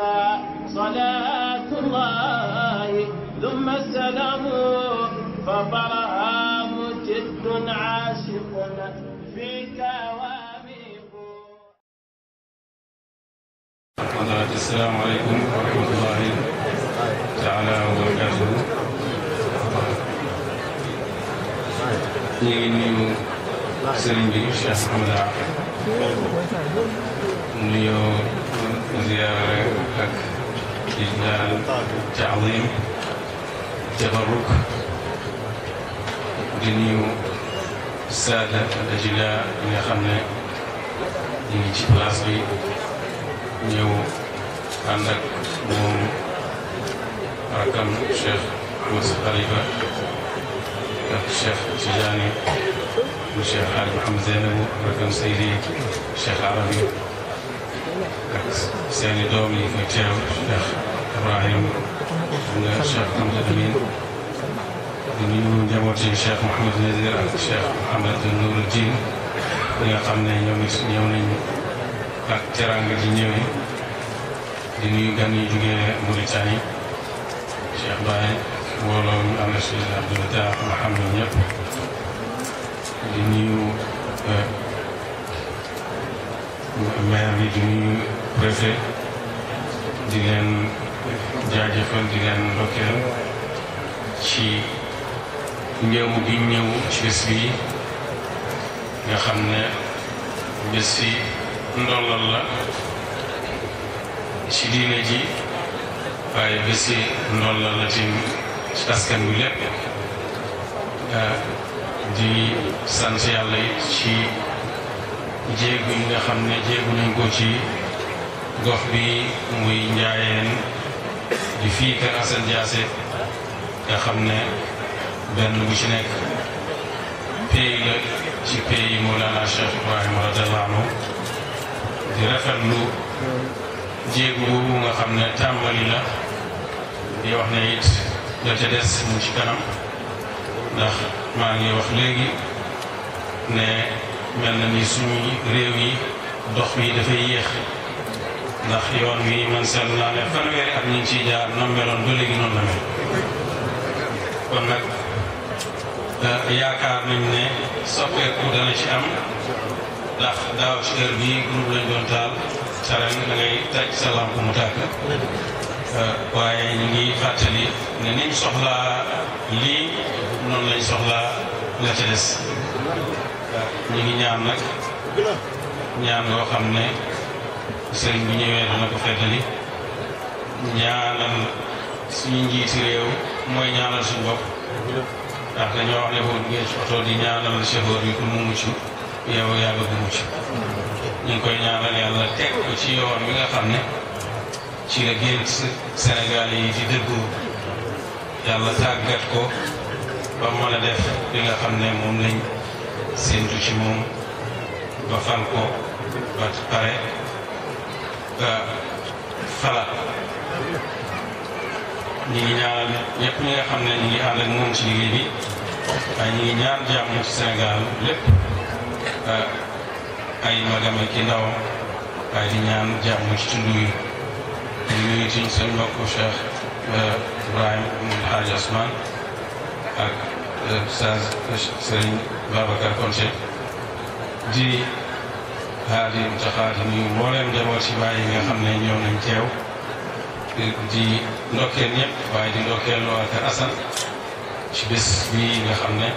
عليك صلاة الله ثم السلام فطرها مجد عاشق فيك واميق السلام عليكم ورحمة الله تعالى وبركاته ñu ngi nuyu sëriñ bi Cheikh Hamada nuyoo ziyaare ak ijlaal taadim tabarruk di nuyu saada al ajlaa yi nga xam ne ñu ngi ci place bi ñëw ànd ak moom rakam Cheikh Moussa Khalifa ak Cheikh Tidiane mu Cheikh Xaaj Mouhamed Zeynabou rakam Seydi Cheikh Arabi ak seen i doom Ibrahim nga Cheikh Amadou Amin di nuyu njabooti Cheikh Mouhamed Nazir ak ne ñoom it ñëw nañu ak teraanga ji ñëwee gan yi jugee Mauritanie Cheikh Baye ak mbooloo ñu am na si Abdoulaye Dia ma xam ne bi di nuyu defee di leen jaajëfal di leen ci ñëw bi ñëw ci bés bi nga xam ne bés si ndollal la ci diine ji waaye bés si ndollal la tim ci di sant yàlla it ci jéegu yi nga xam ne jéegu nañ ko ci gox bi muy njaayeen di fii kër Assane nga xam ne benn bu ci nekk pays la ci pays Mawlana Cheikh Ibrahima radiyallahu anhu di rafetlu jéegu boobu nga xam ne tàmbali la di wax ne it la ca des mu ci kanam ndax maa ngi wax léegi ne mel na ni suñu réew yi dox bi dafay yéex ndax yoon wi man seetlu naa ne fanweeri at ñu ngi ciy jaar na meloon ba léegi la mel kon nag euh, yaakaar nañ ne soppeeku dana ci am ndax daaw ci heure bii groupe lañ doon taal ca ren da ngay tàj sa mu tàkk euh, waaye ñu ngi fàttali ne niñ soxlaa lii noonu lañ soxlaa la ca des euh, ñu ngi ñaan nag ñaan yoo xam ne. sëriñ bi ñëwee dana ko feddali ñaanal suñu njiiti réew mooy ñaanal suñu bopp ndax dañoo wax ne boo duggee ci oto di ñaanal mu mucc yow yàlla bu mucc ñu ngi koy ñaanal yàlla teg ko ci yoon bi nga xam ne ci la gént Sénégal yi di dëggu yàlla tàggat ko ba mën a def li nga xam ne moom lañ séntu ci moom ba fal ko ba pare xalaat euh, ñu ngi ñaanal ñëpp ñi nga xam ne ñu ngi ànd ak moom ci liggéey bi waaye ñu ngi ñaan jàmm ci Sénégal lépp euh, ay magam ak ndaw waaye di ñaan jàmm ci tund yi ñu ngi suñ seen mbokku Cheikh euh, Ibrahima Mawal Hadj Ousmane ak sa Serigne Babacar Konte di. xaadim te xaadim yi mbooleem jamono si bàyyi nga xam ne ñëw nañ ceew di ndokkeel ñëpp waaye di ndokkeel waa Kër Asan ci bis bii nga xam ne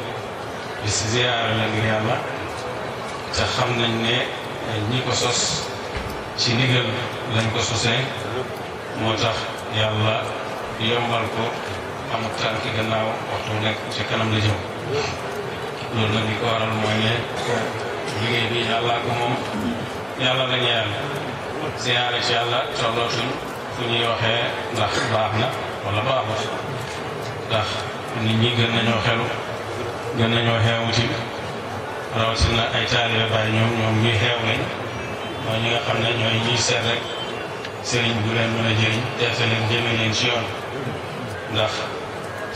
bés ziyaara la yàlla te xam nañ ne ñi ko sos ci ndigal lañ ko sosee moo tax yàlla yombal ko amut tànk gannaaw waxtu nekk ci kanam la jëm loolu nag ko waral mooy ne liggéey bi yàllaa ko moom yàlla la ñu yàlla siyaare ci yàlla soxlootuñ fu ñuy waxee ndax baax na wala baaxut ndax nit ñi gën nañoo xelu gën nañoo xeewuti rawatina ay taalibe bàyyi ñoom ñoom ñuy xeew lañ mooy ñi nga xam ne ñooy ñuy seet rek sëriñ bu leen mën a jëriñ teese leen jëme leen ci yoon ndax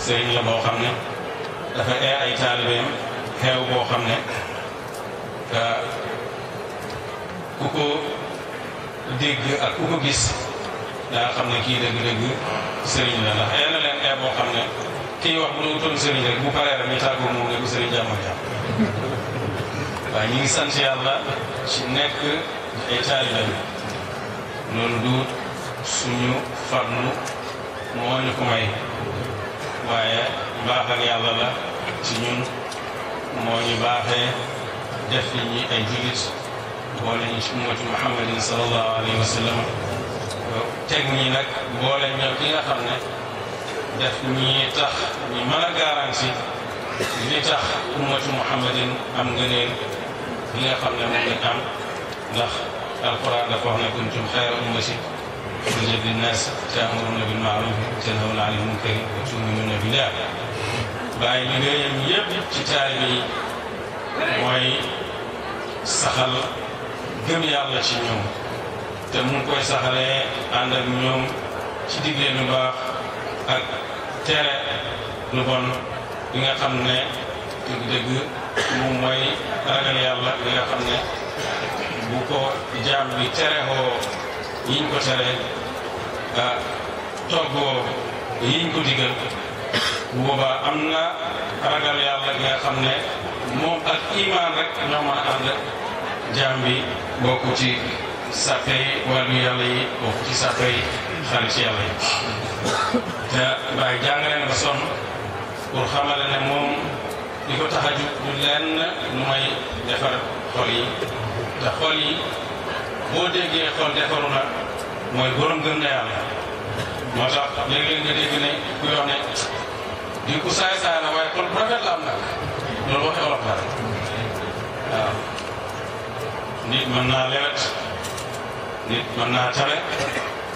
sëriñ la boo xam ne dafa ee ay taalibeem xeew boo xam ne Euh, ku ko dégg ak ku ko gis daa xam ne kii dëgg-dëgg sëriñ la ndax yal na leen air boo xam ne kii wax bu doon sëriñ rek bu paree rek ñu moom ne ko sëriñ jàmm jàmm waaye ñu ngi sant yàlla ci nekk ay taalibe loolu du suñu farlu moo ñu ko may waaye baax yàlla la ci ñun moo ñu baaxee. def nit ñi ay jullit boole ñu ci ummati muhammadin sallallahu alayhi wa sallam teg ñi nag boole ñoom ki nga xam ne def ñi tax ñi mën a garanti li tax ummati muhammadin am ngëneel li nga xam ne moom lañ am ndax alquran dafa wax ne kuntum xayra ummati uxrijat linnaas taamuruna bil maaruf wa tanhawna anil munkar wa tuminuuna billah bàyyi li nga yem yëpp ci taalibe yi mooy saxal gëm yàlla ci ñoom te mu koy saxalee ànd ak ñoom ci digle lu baax ak tere lu bon li nga xam ne dëgg-dëgg moom mooy ragal yàlla li nga xam ne bu ko jaam bi terexoo yiñ ko tere ah, toggoo yiñ ko digal bu boobaa am na ragal yàlla gi nga xam ne. moom ak imaan rek ñoo mën a ànd jaam bi bokk ci sàppe yi wàllu yàlla yi bokk ci sàppe yi xarit yàlla te Baay jàngale na ba pour xamale ne moom li ko tax a jug du lenn lu may defar xol yi te xol yi boo déggee xol defaru na mooy borom gëm na moo tax léeg nga dégg ne ku yox di ku saay saay la waaye xol bu la am nag waaw nit mën naa lewet nit mën naa tawe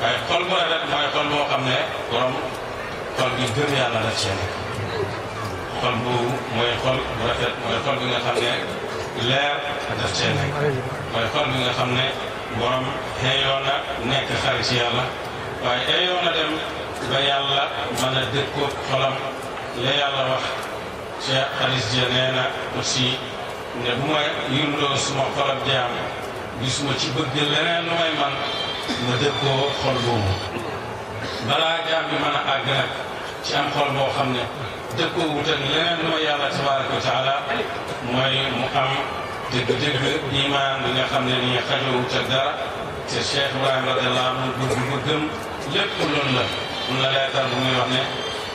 waaye xol bu rafet mooy xol boo xam ne borom xol bi gëm yàlla la ci xol boobu mooy xol bu rafet mooy xol bi nga xam ne leer daf cee nekk mooy xol bi nga xam ne borom xeeyoon na nekk xarit yàlla waaye xeeyoon dem ba yàlla mën a dëkkoog xolam la wax Cheikh Xalis ja nee na aussi ne bu ma yundoo suma xolab jaam gisuma ci bëgg leneen lu may man ma dëkkoo xol boobu balaa jaam bi mën a àgg nag ci am xol boo xam ne dëkkoo wutal leneen lu ma yàlla tabaraka wa taala mooy mu am dëgg-dëgg imaan bi nga xam ne nii xajoo wutal dara te Cheikh Ibrahima radiallahu anhu bëgg bëggam lépp loolu la mun na leetal bu muy wax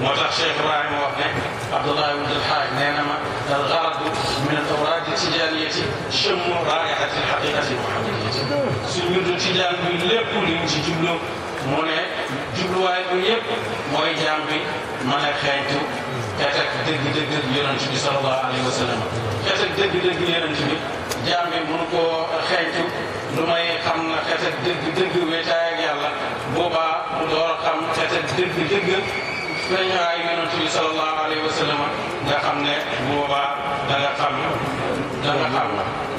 moo tax Cheikh Ibrahima wax ne Abdullah ibn al-Haj nee na ma min al awraad tijaaniyati chammu raayahati al haqiqati muhammadiyati bi lépp li mu ci jublu mu ne jubluwaay bi yëpp mooy jaam bi mën a xeeñtu xeetak dëgg-dëgg yonent bi sallallahu alayhi wa sallam xeetak dëgg-dëgg bi jaam bi mënu koo xeeñtu lu may xam na xeetak dëgg-dëgg wéetaay ak yàlla mu door a xam xeetak dëgg nañu ay yonent bi sallallahu alayhi wa sallam nga xam ne bu boobaa da nga xam da nga xam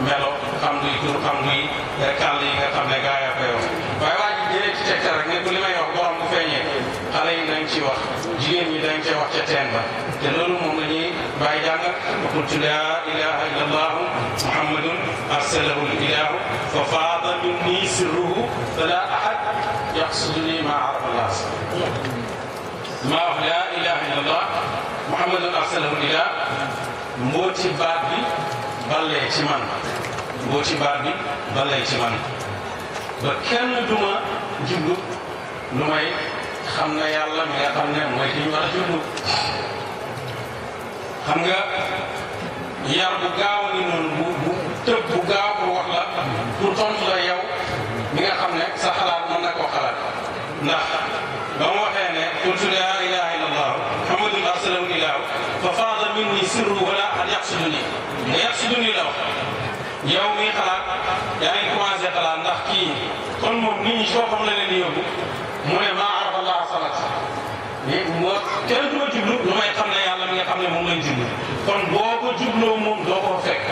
melo xam luy tur xam luy eh, kàll yi nga xam ne gaa yaa koy wax waaye waa ji jëlee ci tegtal rek ne bu li may wax borom bu feeñee xale yi nañ ci wax jigéen ñi dañ cee wax ca teen ba te loolu moom la ñuy bàyyi jàng wa qultu laa ilaha illa allahu muhammadun arsalahu l ilahu fa faada min nii sirruhu fala ahad yaxsuduni ma arab allah maa wax laa ilaha illallah muhammadun rasulullah mbooti baat bi ballee ci mbooti baat bi ballee ci ba kenn duma jublu lu may xam na yàlla mi nga xam ne mooy ki ñu war a nga yar gaaw foofu la leen yóbbu mu ne maa arafa moom doo ko fekk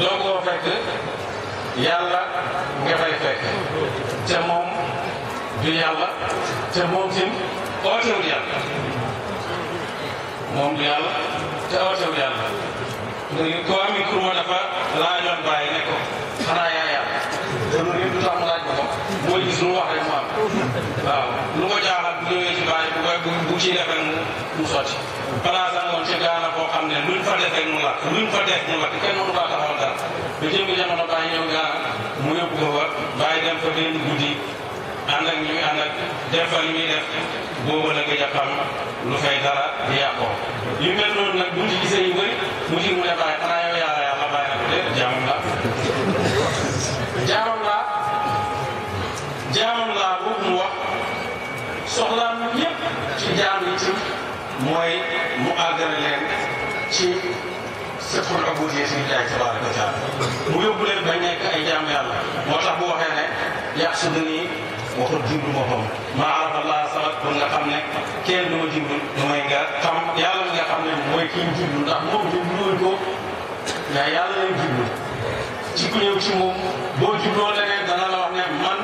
doo ko fekk doo ko fekk yàlla moom du yàlla te moom tim ootewul yàlla koo amit tur ma dafa laajoon bàyyi ne ko a yaa yàlla te loolu yëpp du tax mu laaj ko ko mooy gis lu mu am waaw lu ko jaaxal bu ñëwee ci bàyyi bu koy bu ciy def mu mu sotti. balaa sax moom ci gaana boo xam ne luñ fa def mu lakk luñ fa def mu lakk kenn mënu laa taxawal dara ba jëm jamono bàyyi ñëw gaana mu yóbbu ko fa bàyyi dem fa benn ànd ak ñu muy defal mi def boobu la gëj a lu fay dara di yàqoo yu mel noonu nag buñ ci gisee yu bëri mu ci mu ne bàyyi xanaa yow yàlla yàlla bàyyi ak lépp jaamam la jaamam la jaamam mu wax soxlaam yépp ci jaam yi ci mooy mu àggale leen ci sëful abudiyya si jaay tabaaraka wa taala mu yóbbu leen ba nekk ay jaam yàlla moo tax bu waxee ne yàq waxul jublu boppam maa arafa allah samat pour nga xam ne kenn doo jublu mooy yàlla nga xam ne mooy ki ñu jublu ndax moom jubluwul ko mais yàlla lañ jublu ci ku ñëw ci moom boo jubloo leneen dana la ne man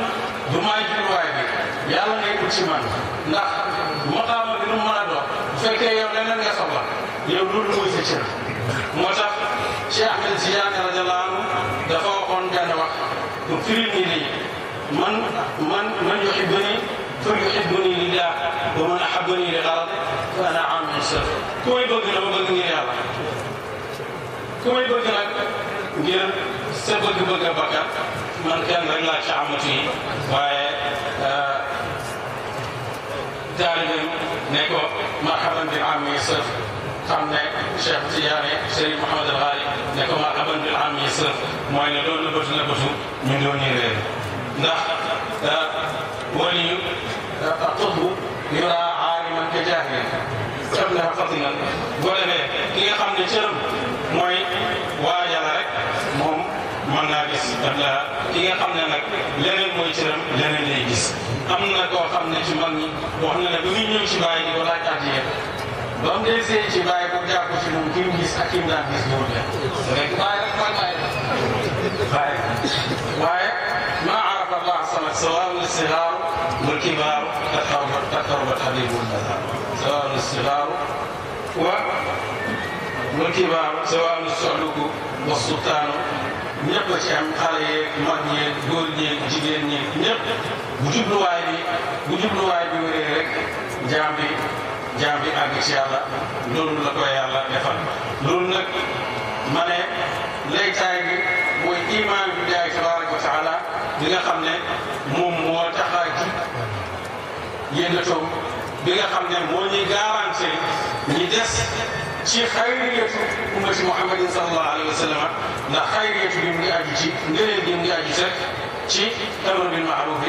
du maay jubluwaay bi yàlla ngay ut ci man ndax maqaama bi nu mën a dox fekkee yow leneen nga soxla yow loolu mooy sa cër moo tax Cheikh Ahmed Tidiane radiyallahu dafa waxoon benn wax pour firil nii nii man man man yuhibbuni falyuhibbuni lillah wa man ahabbani li gharat fa ana aamilun salihan ku may bëgg dama bëgg ngir yàlla ku may bëgg nag ngir sa bëgg-bëgg bakkan man kenn rek laa ci amati yi waaye euh, taalibam ne ko marhaban bil aami sëf xam ne Cheikh Tidiane Serigne Mouhamed Al Ghali ne ko marhaban bil aami sëf mooy ne loolu la bëtu la bëtu ñu doon ñu réer ndax euh, waliyu xutbu euh, yuraa aaliman ka jaahilan xam naa xam naa bu ko defee ki xam ne cëram mooy waajal rek moom mën naa gis daf laa ki nga xam ne nag leneen mooy cëram leneen lay gis. am na koo xam ne ci mag ñi wax ne bu muy ñëw ci bàyyi di ko laaj addiya ba mu dee see ci bàyyi ko jàpp ci moom ki gis ak ki mu gis loolu la. الصغار والكبار تقرب حبيب المذهب سواء الصغار و والكبار سواء الصعلوك والسلطان ñëpp ci am xale yeeg mag ñeeg góor ñeeg jigéen ñeeg ñëpp bu jubluwaay bi bu jubluwaay bi wéree rek jaam bi jaam bi àgg ci yàlla loolu la ko yàlla defal loolu nag ma ne laytaay bi mooy iman bi daay tabaraka wa taala bi nga xam ne moom yenn toog bi nga xam ne moo ñuy garanté ñi des ci xayriyatu ummati muhammadin bi mu ngi ci ngëneel mu ngi aju rek ci amr bil ma'ruf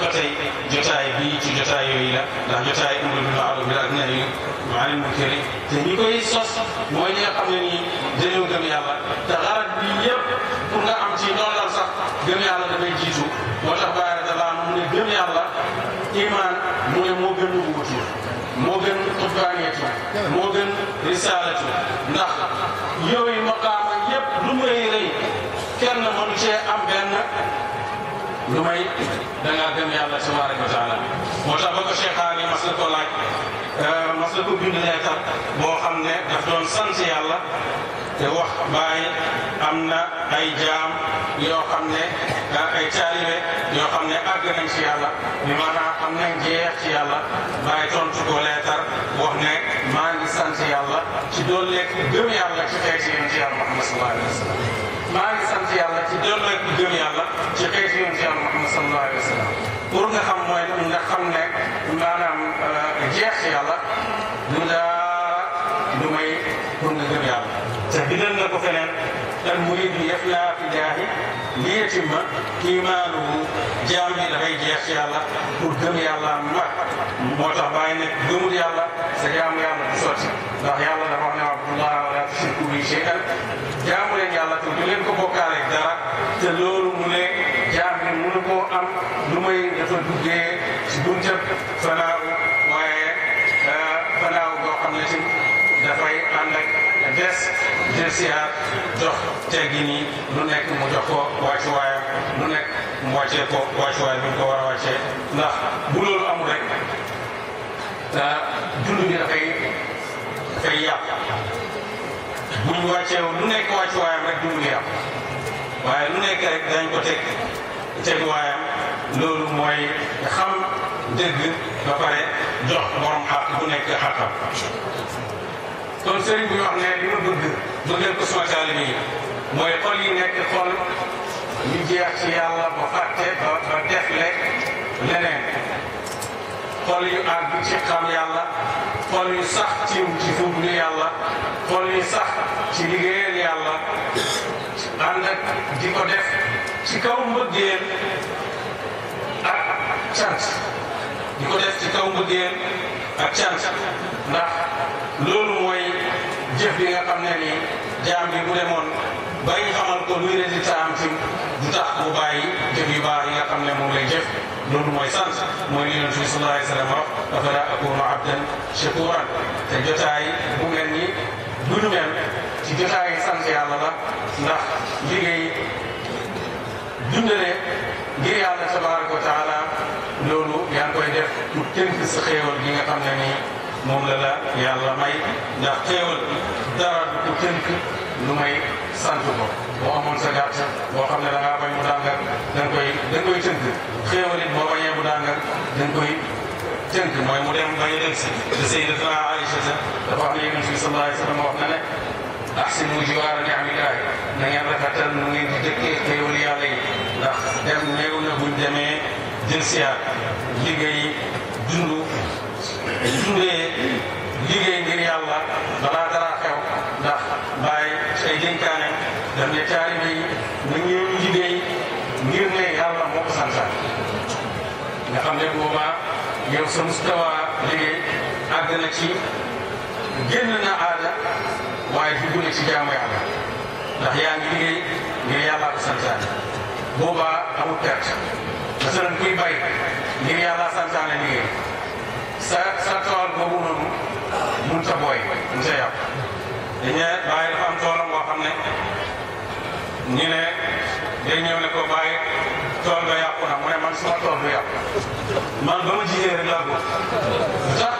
wa ci jotaay yooyu la ndax jotaay amr bil ma'ruf la ak nahyi anil munkar te ñi koy sos mooy ñi nga xam ne nii dañoo gëm yàlla te xarat bi yëpp pour nga am ci noonu sax gëm lu may da gëm yàlla tabaaraka wa taala moo tax ba ko Cheikhaani laaj mas la euh, leetar boo xam ne daf doon sant yàlla te wax bàyyi am na ay jaam yoo xam ne ay taalibe yoo xam ne àgg nañ ci yàlla bi maanaam am nañ jeex ci yàlla bàyyi tontu ko leetar wax ne maa ngi sant yàlla ci doon lekk gëm yàlla ci xeeti yéen ci yàlla Muhammad sallallahu alayhi wa sallam maa ngi sant yàlla ci doon la gëm yàlla ci xeetu yonent yàlla Muhammad sallallahu alayhi wa sallam pour nga xam mooy nga xam ne maanaam euh, jeex yàlla du daara du may pour nga gëm yàlla te bindal na ko feneen al murid bi yëf laa fi jaahi li yatimma iimaanuhu jaam bi dafay jeex yàlla pour gëm yàlla mat moo tax bàyyi ne gëmul yàlla sa jaamu yàlla du sotti ndax yàlla dafa wax ne abdullah bihi shay'an jaamu leen yàlla te du leen ko bokkaale dara te loolu mu ne jaam bi mënu koo am lu may dafa duggee si buntab fanaaw waaye euh, fanaaw boo xam ne ci dafay ànd ak des des siyaar jox teggi nii lu nekk mu jox ko wàccuwaayam lu nekk mu wàccee ko wàccuwaay bi mu ko war a wàccee ndax bu loolu amul rek euh, dund bi dafay dafay yàq bu ñu wàccee lu nekk wàccuwaayam rek dund waaye lu nekk rek dañ ko teg teguwaayam loolu mooy xam dëgg ba pare jox borom xaq bu nekk xaqam. kon sëriñ bi wax ne li ma bëgg bëggal ko yi mooy xol yi nekk xol ñu jeex ci ba fàtte ba ba def lekk leneen xol yu ci xam yàlla. xool yi sax ci ci fuglu yàlla xool yi sax ci liggéeyal yàlla ànd ak di ko ci kaw mbëggeel ak cant di ko def ci kaw mbëggeel ak cant ndax jaam bi bu bay xamal ko luy résultat am ci du tax mu bàyyi jëf yu yi nga xam ne moom loolu mooy sant mooy li yonent bi sallallahu alayhi wa sallam wax afala akunu abdan te jotaay bu mel ni ci jotaay sant yàlla la ndax li ngay dundale ngir yàlla wa taala loolu yaa def pour tënk sa xéewal gi nga xam ne moom la la may ndax xéewal dara du ko lu may sant ko boo amoon sa gàtt boo xam ne da ngaa bay mu dàngar da nga koy da nga koy tënk xéewal it boo bayee mu dàngar da nga koy tënk mu dem bay dem si te sayyidatuna Aïcha dafa am yonent bi sallallahu alayhi wa sallam wax na ne ahsinu jiwaara ni'amillah na ngeen rafetal nu ngeen di dëkkee xéewal yàlla yi dem néew na buñ demee jël siyaat liggéey dund dundee liggéey ngir yàlla sa mustawa liggéey àgg na ci génn na aada waaye dugg na ci jaamu yàlla ndax yaa ngi liggéey ngir yàlla ko santaane boobaa amul perte masalan kuy bay ngir yàlla santaane liggéey sa sa tool boobu noonu mun ta booy mun ta yàqu dañ ne bàyyi dafa am toolam boo xam ne ñu ne day ñëw ne ko bàyyi tool ba yàqu na mu ne man sama tool bu yàqu man ba ma jiyee rek laa góob sax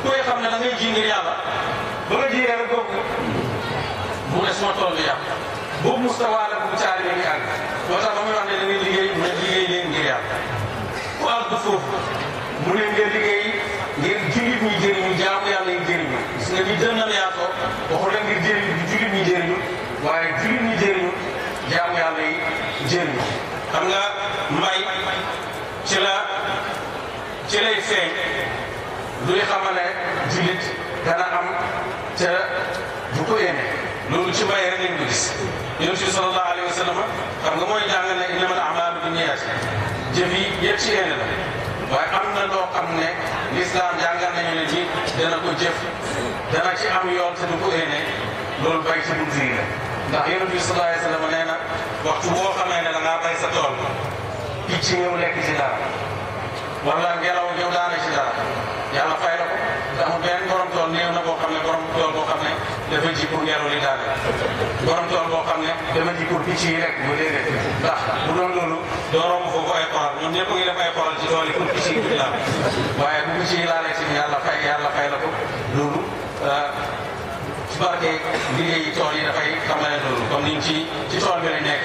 ku koy xam ne da ngay ji ngir yàlla ba nga jiyee rek góob mu ne sama tool bu yàqu boobu Moustapha la bu caari ngi àgg moo tax ba muy wax ne da ngay liggéey mu ne liggéey leen ngir yàlla ku àgg foofu mu ne ngeen yonent bi sallallahu alayhi wa sallam xam nga mooy jàngal ne innamal a'maalu binniyaati jëf yi yëpp ci yéene waaye am na loo xam ne lislaam jàngal nañu ne nit dana ko jëf dana ci am yoon te du ko yéene loolu bay ci bunt yi la ndax yonent bi sallallahu alayhi wa nee na waxtu boo xamee ne da ngaa bay sa tool picc ñëw lekk ci dara wala ngelaw ñëw daana ci dara yàlla fay la ko te benn borom tool néew na boo xam ne borom tool boo xam ne dafa ji pour ngeeru li daane borom tool boo xam ne dafa ji pour picc yi rek mu déedéet ndax bu doon loolu doo romb foofu ay xoral ñoom ñëpp ngi def ay xoral ci tool yi pour picc yi duñ laal waaye bu picc yi laalee si yàlla fay yàlla fay la ko loolu euh, barke liggéeyi tool yi dafay xamale loolu comme niñ ci ci tool bi lañ nekk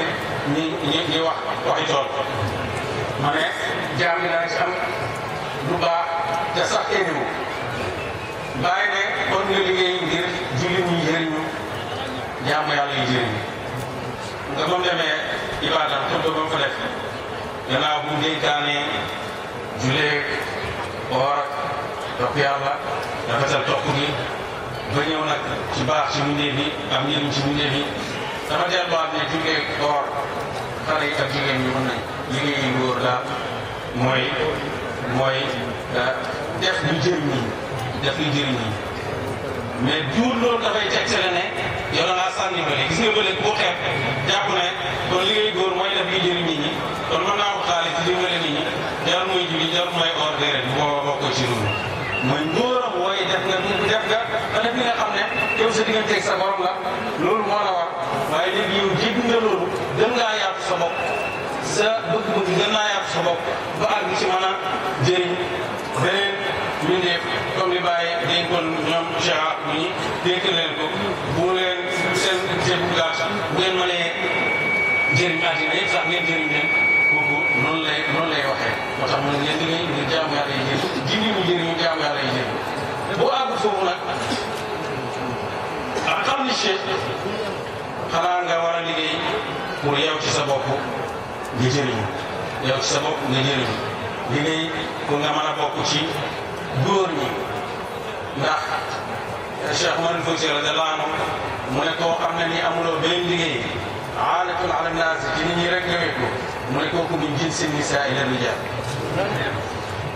ñi ñi ñi wax waxi tool ma ne jaam bi dana ci baax te sax kenn wu ne kon nga liggéey jaamu yàlla nga ba demee Ibadan tëdd ba mu fa def gannaaw bu mu dénkaanee julee or topp yàlla rafetal topp gi ba nag ci baax ci mundee bi am njëriñ ci mundee bi dafa delluwaat ne julee or xale yi ak jigéen ñi mën nañ liggéeyi góor daal mooy mooy euh, def lu jëriñ yi def lu jëriñ yi mais duur loolu dafay tegtale ne yow la ngaa sànni bële gis nga bële bu xeeb jàpp ne kon li ngay góor mooy def li jëriñ nit ñi kon mën naa ko xaalis dimbale nit ñi def nga xam ne yow sa digganteeg sa borom la loolu moo la war waaye léegi yow jégg nga loolu gën ngaa yaatu sa bëgg-bëgg gën naa yaatu sa ba àgg ci mën a jëriñ beneen mbindeef comme li bàyyi dénkoon ñoom Cheikh ñi dénk leen ko bu mu leen seen seen gàtt bu ngeen mënee jëriñ àddina yëpp sax ngeen jëriñ leen kooku noonu lay noonu lay waxee moo tax ne ngeen liggéey ngir jaamu yàlla yi jëriñ jiw yi ñu jëriñu jaamu yàlla yi ni Cheikh xanaa nga war a liggéey pour yow ci sa bopp nga jëriñu ci sa bopp nga jëriñu liggéey pour nga mën a ci. góor ñi ndax Cheikh Umar Fouti radiyallahu anhu mu ne koo xam ne ni amuloo benn liggéey aalatun ala naas ci nit ñi rek nga wékku mu ne kooku min jinsi nisaa ila rijal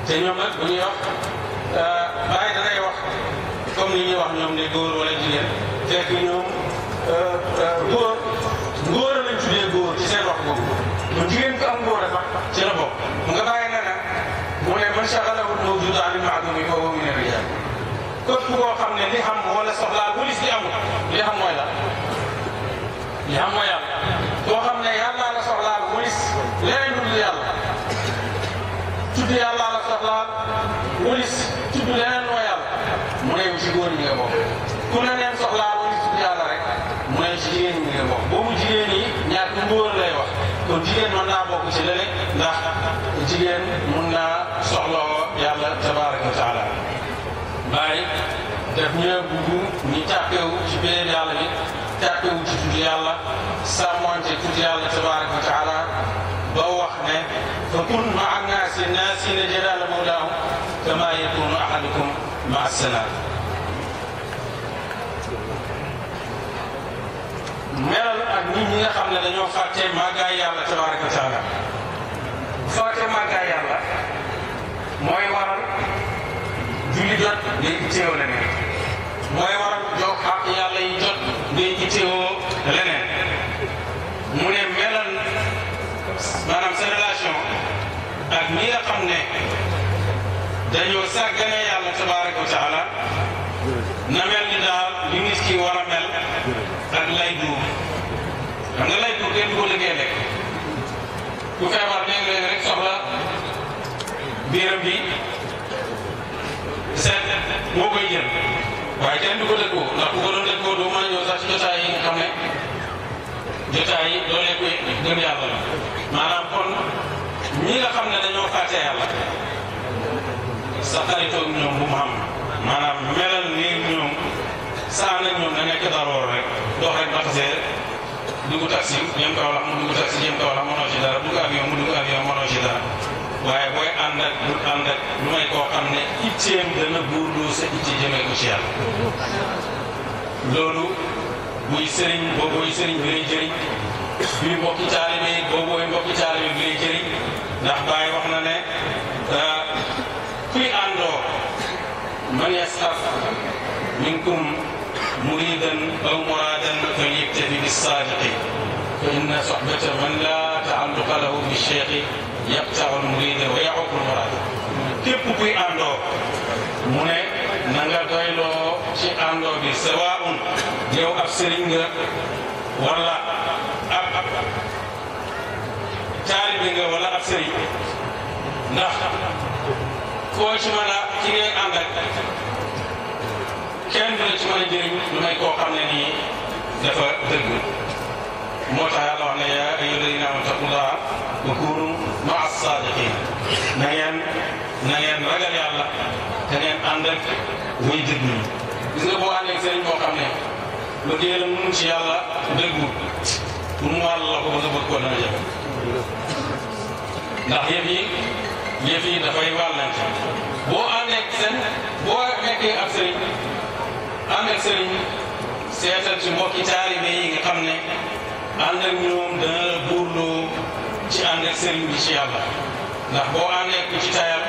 te ñoom nag bu ñuy wax euh, bàyyi danay wax comme ni ñuy wax ñoom ne góor wala jigéen fekk ñoom euh, euh, góor. man shagalahu al-mawjudu an al-ma'dumi fa huwa min ar-rijal képp koo xam ne li xam wala soxlaa bu lis li amul li xam mooy la li xam mooy yàlla koo xam ne yàlla la soxlaa bu lis leneen dul yàlla tudd yàlla la soxlaa bu lis tudd leneen mooy yàlla mu ne ci góor ñi nga bokk ku ne leen soxlaa bu lis tudd yàlla rek mu ne ci jigéen ñi nga bokk boobu jigéen yi ñaar ñu góor lay wax kon jigéen mën naa tàggewu ci beneen yàlla bi tàggewu ci tudd yàlla sàmmonte tudd yàlla tabaraka wa taala ba wax ne fa kun ma annaasi naasina jalaala mawlaahum kama yakunu ahadukum ma asalaam melal ak nit ñi nga xam ne dañoo fàtte màggaay yàlla tabaraka wa taala fàtte màggaay yàlla mooy waral julli jot léegi teew la ne mooy waral yittewoo leneen mu ne melal maanaam ak ñi nga ne dañoo sàggane yàlla tabaaraka wa na mel ni daal li nit ki mel ak lay duub xam lay duub kenn du ko liggéey ku feebar léeg-léeg rek soxla biiram bi moo koy waaye kenn du ko dëkku ndax ku ko doon dëkkoo a ñëw sax jotaay yi nga xam ne jotaay yi doolee koy gëm yàlla la maanaam kon ñi nga xam ne dañoo fàtte yàlla sa xaritoog ñoom bu mu maanaam melal ni ñoom saa nag ñoom da nga ko daroor rek dox rek baxasee dugg taxi kaw la mu dugg taxi jëm kaw la mënoo ci dara dugg avion mu dugg avion mënoo waaye booy ànd ak bul ànd may koo xam ne itteem dana góorloo sa itte jëmee ko ci loolu buy sëriñ boobooy sëriñ bi lay jëriñ bi boobooy mbokki ndax Baay wax na ne kuy àndoo man yastaf minkum muridan aw muradan falyektafi bis saadiqin فإن صحبة من لا تعلق له بالشيخ يقطع المريد ويعوق المراد képp kuy àndoo mu ne na nga doyloo ci àndoo bi sawaun yow ab sëriñ nga wala ab ab taalibe nga wala ab sëriñ ndax koo ci mën a ki ngay ànd ak kenn du ci mën a jëriñ lu may koo xam ne nii dafa dëgg. moo tax yàlla wax yaa ayyuhaa llaziina aamanu taqullaaha wa kuunu ma'a saadiqiin na ngeen ragal yàlla te ngeen ànd ak way dëgg boo àndeeg sëriñ boo xam ne liggéeyam mu ci yàlla dëggu pour mu wàll la ko ba nga bëgg ko dana jafe ndax yëf yi yëf ne. ànd ak ñoom dana la góorloo ci ànd ak sëriñ bi ci yàlla ndax boo ànd ak ku ci tayal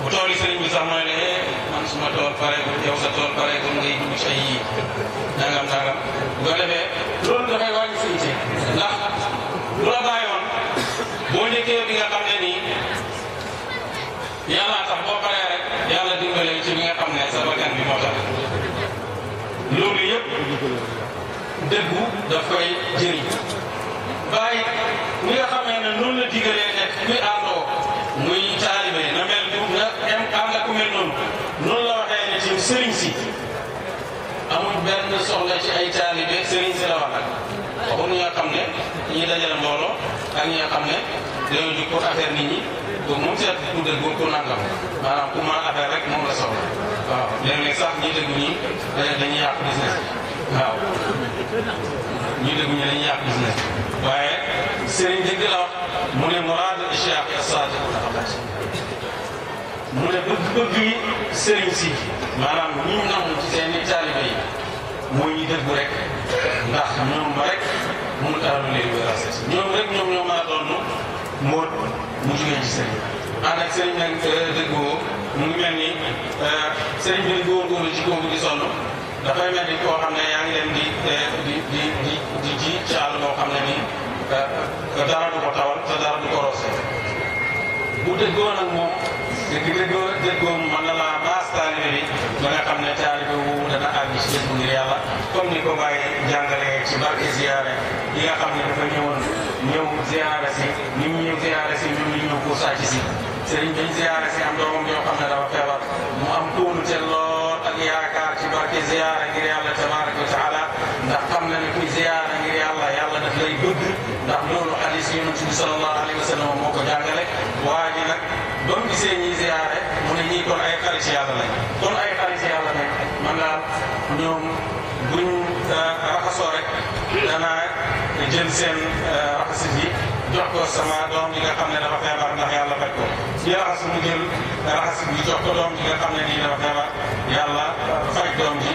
bu tooli sëriñ bi sax mooy eh, man suma tool pareegul yow sa tool pareegul ngay dugg ci ay yii nangam nangam bu ko defee loolu dafay wàññi sëriñ si la bàyyoon boo njëkkee bi nga xam ne nii yàlla tax boo paree rek bi nga xam ne sa bakkan bi moo yëpp dëggu daf koy jëriñ bàyyi ñi nga xamee ne noonu la digalee nekk muy àndoo muy taalibe na mel na dem am ak ku mel noonu noonu la waxee ne ci sëriñ si amul benn soxla ci ay taalibe sëriñ si la wax nag waxul nga xam ne ñi dajale mbooloo ak ñi xam ne dañoo jóg pour nit ñi pour moom seet ku dëgg ku nangam maanaam ku mën affaire rek moom la soxla waaw léeg sax ñi dëggu ñi dañuy yàq business waaw ñu dégg ñu ne yàq gis waaye sëriñ dëgg la mu ne muraad cheikh sadiq mu ne bëgg-bëgg yi sëriñ si maanaam ñi ñu nangu ci seen i taalibe yi mooy ñu dëggu rek ndax ñoom rek mu taal leen wéraset ñoom rek ñoom ñoo mën a doon mu jugee ci sëriñ ànd ak sëriñ nag euh, dëggoo mu ngi mel ni euh, sëriñ bi góor-góorlu ci góor gi sonn. dafay mel ni koo xam ne yaa ngi leen di eh, di di di di ji ci àll boo xam ne nii eh, eh, dara du ko tawal te dara du ko roose bu déggoo nag moom dégg déggoo déggoo mën na laa baas taalibe bi ba nga xam ne taalibe woowu dana àgg ci lépp ngir yàlla comme ni ko bàyyi jàngalee ci barke ziyaare yi nga xam ne dafa ñëwoon ñëw ziyaare si ni mu ñëw ziyaare si ñoom ñu ñëw pour sàcc si sëriñ bañ ziyaare si am doomam yoo xam ne dafa feebar mu am kóolu teel lool ziyaara ngir yàlla tabaraka wa taala ndax xam na ne kuy ziyaara ngir yàlla yàlla daf lay bëgg ndax loolu xadis yonent bi sallallahu alayhi wa sallam moo ko jàngale waa ji nag ba mu gisee ñiy ziyaare mu ne ñii kon ay xarit yàlla lañ kon ay xarit yàlla lañ man daal ñoom buñ uh, raxasoo rek danaa jël seen uh, raxasit yi jox ko sama doom bi nga xam ne dafa feebar ndax yàlla faj ko ci raxas mu jël raxasit bi jox ko doom bi nga xam ne nii dafa feebar yàlla doom ji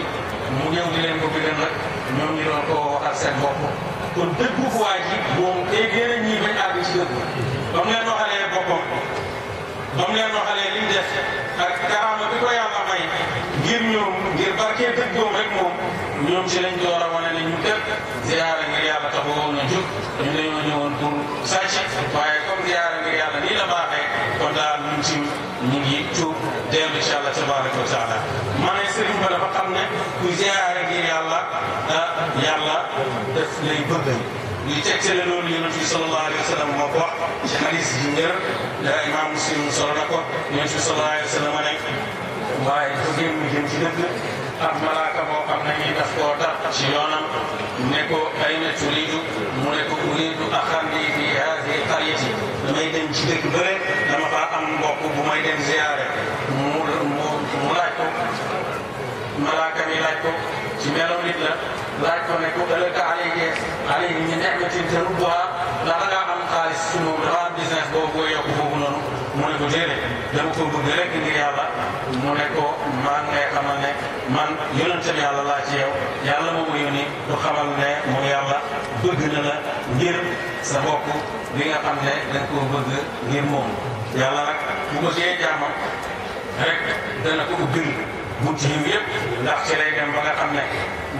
mu ñëw di leen ko gërëm nag ñoom ñu doon waxal seen bopp kon dëggu ko waa moom eggee na ñii bañ àgg ci ba mu leen waxalee boppam ba mu leen waxalee li mu def ak karaama bi ko yàlla may ngir ñoom ngir barkee dëggoom rek moom ñoom ci lañ door a wane ne ñu def ziyaara ngir yàlla taxawoon na jóg ñu dañoo ñëwoon pour sàcc waaye comme ziyaara ngir yàlla nii la baaxee kon daal ñun ci ñu ngi tuub dellu incha allah tabaraka wa taala sëriñ ba dafa xam ne ku ziyaare ngir yàlla ah, yàlla def lay bëgg luy tegtale loolu yonent bi sallallahu alayhi wa sallam moo ko wax ci xadis ji ngër imaam muslim solo na ko yonent bi sallallahu alayhi wa sallam ne waaye dafa gën mu jëm ci dëgg ak malaaka boo xam ne ñi daf koo dar ci yoonam ne ko ayna turiidu mu ne ko uriidu axandi fi haadihi qaryati damay dem ci dëkk bëre dama fa am mbokk bu may dem ziyaare malaaka mi laaj ko ci melow nit la laaj ko ne ko ëllëg alayhi alayhi min ni'matin tarudduha ndax da ngaa am xaalis ci moom dafa am business boobu booy yokk foofu noonu mu ne ko déedéet dama ko bëgg rek ngir yàlla mu ne ko maa ngi ne man yonentam yàlla laa ci yow yàlla moo ma ne moom yàlla bëgg na la ngir sa bopp bi nga xam ne da nga koo bëgg ngir moom yàlla nag rek dana ko ubbil bunt yiw yëpp ndax ci lay dem ba nga xam ne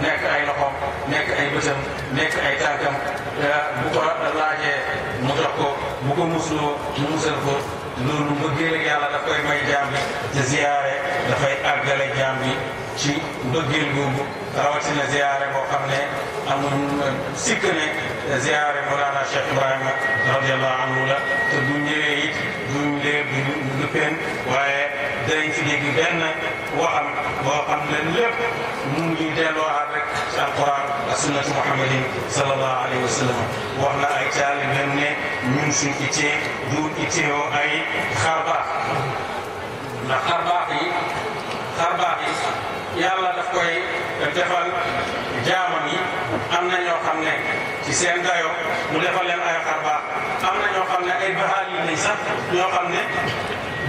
nekk ay loxoom nekk ay bëtam nekk ay tàggam ah, bu ko laajee mu jox ko bu ko musloo mu musal ko loolu mbëggeel ak yàlla daf koy may jaam te ziyaare dafay àggale jaam bi ci mbëggeel googu rawatina ziyaare boo xam ne amul sikk ne ziyaare Mawlana Cheikh Ibrahima radiyallahu anhu la te duñ ñëwee it duñ lee pen waaye danañ fi dégg benn waxam boo xam ne lépp mu ngi delloowaat rek ci alquran ak sunnatu muhammadin sallallahu alayhi wa sallam wax na ay taalibeem ne ñun suñ ittee duul itteewoo ay xarbaax ndax xarbaax yi xarbaax yi yàlla daf koy defal jaamam am na ñoo xam ne ci seen dayo mu defal leen ay xarbaax am na ñoo xam ne ay baxaal yi lañ sax ñoo xam ne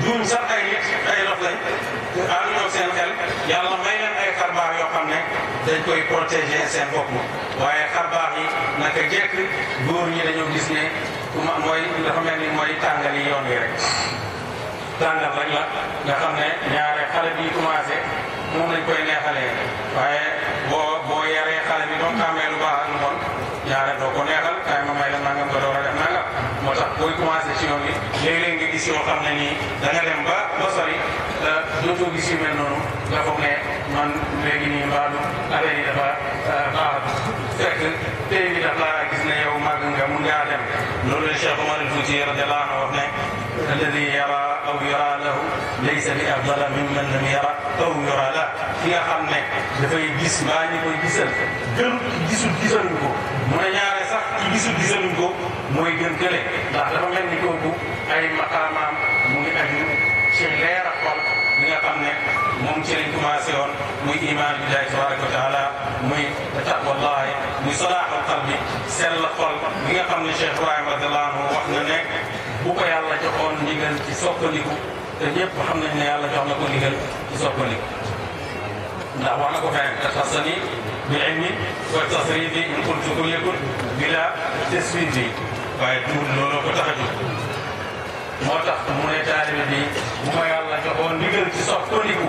ñun sax ay nit ay dox lañ ànd ñoom seen xel yàlla may leen ay xar yoo xam ne dañ koy protéger seen bopp waaye xar baax yi naka jekk góor ñi dañoo gis ne ku ma mooy dafa mel ni mooy tàngal yi yoon yi rek tàngal rek la nga xam ne ñaare xale bi commencé moom lañ koy neexalee waaye boo boo yaree xale bi doo xàmmee lu baax ak lu ñaare doo ko neexal mooy commencé ci yoon wi léeg-léeg nga gis yoo xam ne nii da nga dem ba ba sori dootoo gis yu mel noonu nga foog ne man léegi nii mbaalu affaire yi dafa euh, baax fekk tey bi daf laa gis ne yow màgg nga mun ngaa dem loolu la Cheikh Omar Fouti radiyallahu anhu wax ne alladi yara aw yura lahu laysa bi afdala mimman lam yara aw yura la ki nga xam ne dafay gis mbaa ñu koy gisal gën gisul gisaluñ ko mu ne ñaar sax ci gisul gisaluñ ko mooy gën gële ndax dafa mel ni kooku ay maqaamaam mu ngi aju ci leer ak xol li nga xam ne moom ci lañ commencé woon muy iman billahi tabaraka wa taala muy taqwallahi muy salaaxul qalbi sell xol bi nga xam ne Cheikh Ibrahim radiallahu anhu wax na ne bu ko yàlla joxoon ndigal ci soppandiku te ñëpp xam nañ ne yàlla jox na ko ndigal ci soppandiku wax na ko feneen te xasani بالعلم والتصريف إن قلت كن يكن بلا تسويد waaye du looloo ko tax a jóg moo tax mu ne taalibe bi bu ma yàlla joxoon ndigal ci soppaliku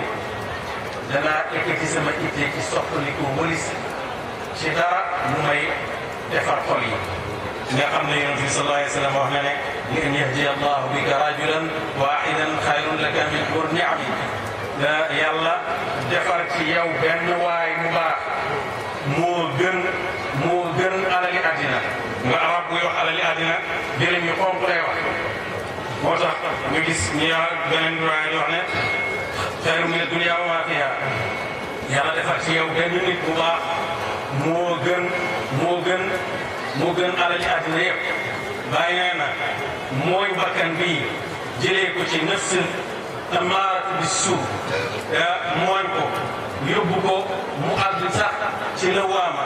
danaa ekkati sama itte ci soppaliku walis ci dara lu may defar xol yi nga xam ne bi sallallahu alayhi wa sallam wax na li an yahdi allahu bika rajulan wahidan xayrun laka min mu baax moo tax ñu gis ñu yaa beneen riwaaya di wax ne xayru mina dunya defar ci yow benn nit bu baax moo gën moo gën moo gën alal ci àddina yëpp bàyyi nee ci nafsin tamaaratu bi suuf eh, mooñ ko yóbbu ko mu àgg ci lawaama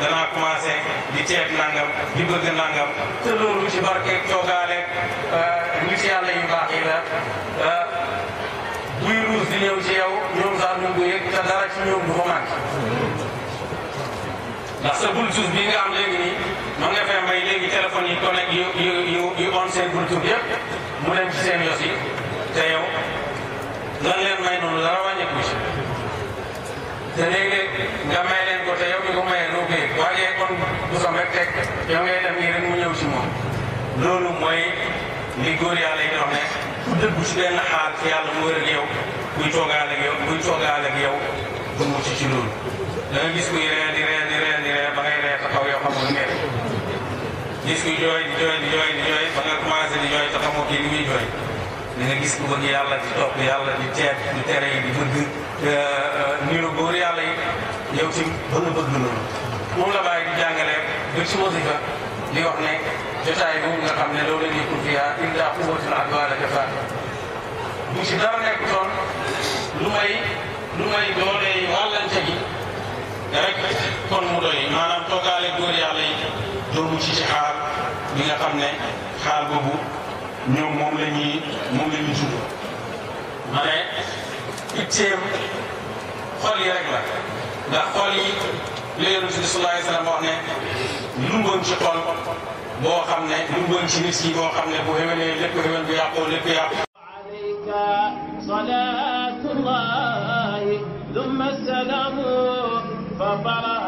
danaa commencé di ceeb nangam di bëgg nangam te loolu ci barkeeg coogaaleeg euh, nit yàlla yi la euh, buy ruus di ñëw ci yow ñoom sax ñu ngi dara ci ñoom du ko màgg ndax sa bluetooth nga am léegi nii mën nga fee may léegi téléphone yi connect yu yu yu yu on yëpp mu dem ci seen yos te yow lan leen may noonu dara wàññeeku ci te léeg-léeg nga may leen ko te yow mi ko may puusam rek teg yow ngay dem nii rek mu ñëw ci moom loolu mooy li góor yàlla yi dox ne ku dëggu ci benn xaal ci yàlla mu wër ak yow buy toogaal ak yow buy toogaal ak yow du mucc ci loolu da nga gis kuy ree di ree di ree di ree ba ngay ree taxaw yoo xamul lu gis kuy jooy di jooy di jooy di jooy ba nga commencé di jooy te xamoo kii ni muy jooy da nga gis ku bëgg yàlla di topp yàlla di teet di tere yi di bëgg euh, euh, niru góor yàlla yi yow tim ba nga bëgg loolu moom ba ci musique di wax ne jotaay boobu nga xam ne loolu la ñuy pour fiyaa illa quwwatul adwaala kafaa bu ci dara nekk toon lu may lu may doolee rek kon mu doy maanaam yi nga xam ne xaal boobu ñoom moom yi rek la ndax xol wax ne lu mu ci xol boo xam ne lu mu ci nit ki boo xam ne bu xéwalee lépp xéwal bu yàqoo lépp yàqu. صلاة الله ثم السلام فطرها